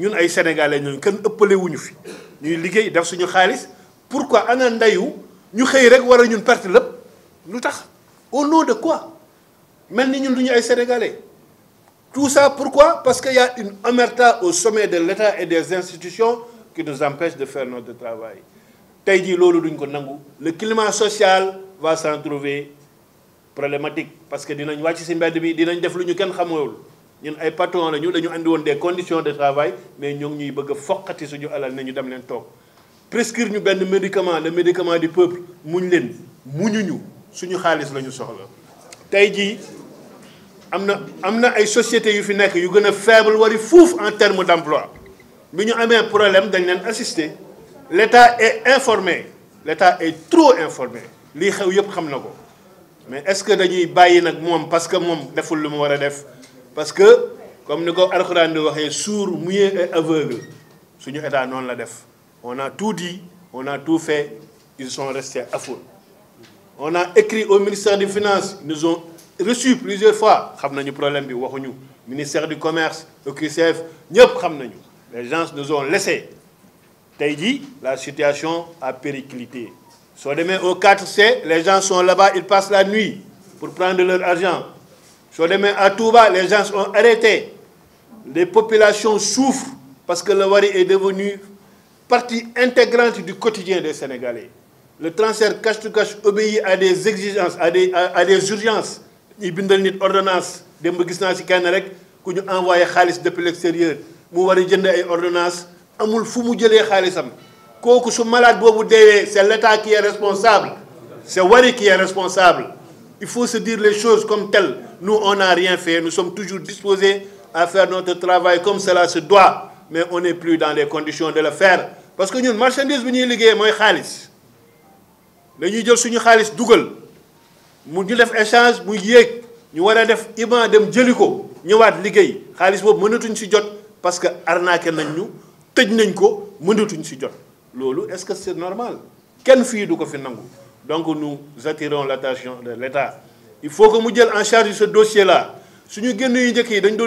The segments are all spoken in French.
ñun ay sénégalais ñun kenn ëppalé wuñu fi ñuy liggéey def suñu xaalis pourquoi ana ndeyu ñu xëy rek wara ñun perte lépp lu au nom de quoi melni ñun duñu ay sénégalais tout ça pourquoi parce qu'il y a une omerta au sommet de l'État et des institutions qui nous empêche de faire notre travail duñ ko nangu le climat social va s'en trouver problématique parce que nous wacc ci mbéd bi dinañ def savons ñun ay patron la ñu dañu andi won des conditions de travail mais ñoo ngi ñuy bëgg a suñu alal ne ñu dem leen tok prescrire ñu benn médicament le médicament du peuple muñ leen muñuñu suñu xaalis lañu ñu soxla. tey jii amna na ay sociétés yu fi nek yu gëna faible wari fouf en terme d'emploi emploi bi ñu amee problème dañ leen assister l'état est informé l'état est trop informé li xew yëpp xam na ko mais est ce que dañuy bàyyi nag moom parce que moom deful lu mu war a def parce que comme nous avons dit, nous sommes sourd mouillés et aveugle suñu la def on a tout dit on a tout fait ils sont restés à fond. on a écrit au ministère des finances ils nous ont reçu plusieurs fois le le problème bi ministère du commerce le ñëpp les gens nous ont laissé Taïdi, la situation a périclité Soit demain au 4C les gens sont là-bas ils passent la nuit pour prendre leur argent sur les mains à Touba, les gens sont arrêtés. Les populations souffrent parce que le Wari est devenu partie intégrante du quotidien des Sénégalais. Le transfert cache to cache obéit à des exigences, à des, à, à des urgences. une ordonnance de gis naa qui nous rek ku depuis l'extérieur mu wari a jënd ay ordonnance amul fu mu jëlee xaalisam su malade boobu c'est l'État qui est responsable c'est Wari qui est responsable il faut se dire les choses comme telles. Nous, on n'a rien fait. Nous sommes toujours disposés à faire notre travail comme cela se doit. Mais on n'est plus dans les conditions de le faire. Parce que nous, marchandises, nous sommes khalis. Nous sommes sommes Nous avons échange, nous yek. Nous avons fait iban Adem djeliko. Nous avons fait bob ci jot parce que nous sommes ñu nañ ko mënatuñ ci est-ce que c'est normal? Quelle fille du ko fi nangou? Donc nous attirons l'attention de l'État. Il faut que nous prenions en charge ce dossier-là. Si nous avons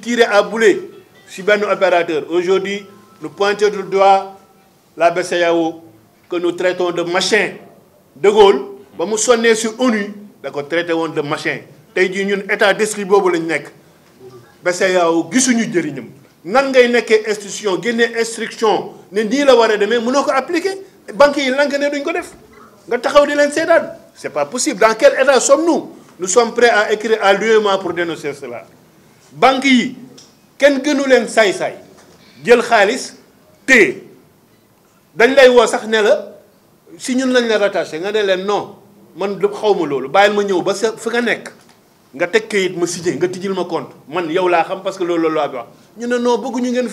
tirer à boulet sur nos opérateurs, aujourd'hui, nous pointons le doigt la BCAO e que nous traitons de machin. De Gaulle, quand nous sommes sur l'ONU, nous traitons de machin. Aujourd'hui, nous sommes l'État d'esprit. BCAO, nous sommes nan ngay nekkee institution des instruction des instructions, la war a demee mënoo pas appliquer banques yi lank ne duñ ko c'est pas possible dans quel état sommes-nous nous sommes prêts à écrire à l'UEMA pour dénoncer cela banque yi gënu dañ lay sax si ñun lañ la nous nga non man ma ba nga nga kayit ma ma compte man yow parce que nous la ngeen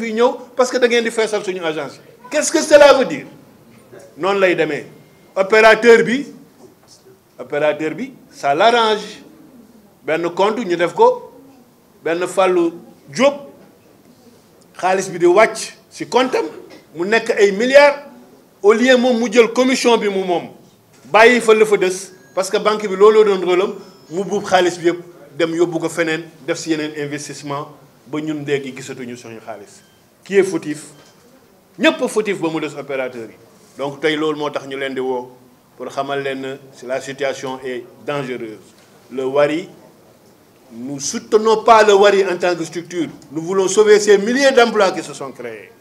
parce que da ngeen di fessal suñu agence qu'est-ce que cela veut dire non lay opérateur bi opérateur bi ça l'arrange Ben compte ñu def ko ben fallu job. xaalis bi di wacc ci comptam mu nek ay milliards au lieu moom mu jël commission bi mu mom bàyyi fa le fa parce que banque bi lolo doon rôlam mu bu xaalis bi dem yobbu ko fenen def ci yenen investissement ba ñun léegi gisatuñu suñu xaalis qui est fautif ñëpp fautif ba mu opérateur yi donc pour xamal c'est la situation est dangereuse le Wari nous soutenons pas le Wari en tant que structure nous voulons sauver ces milliers d'emplois qui se sont créés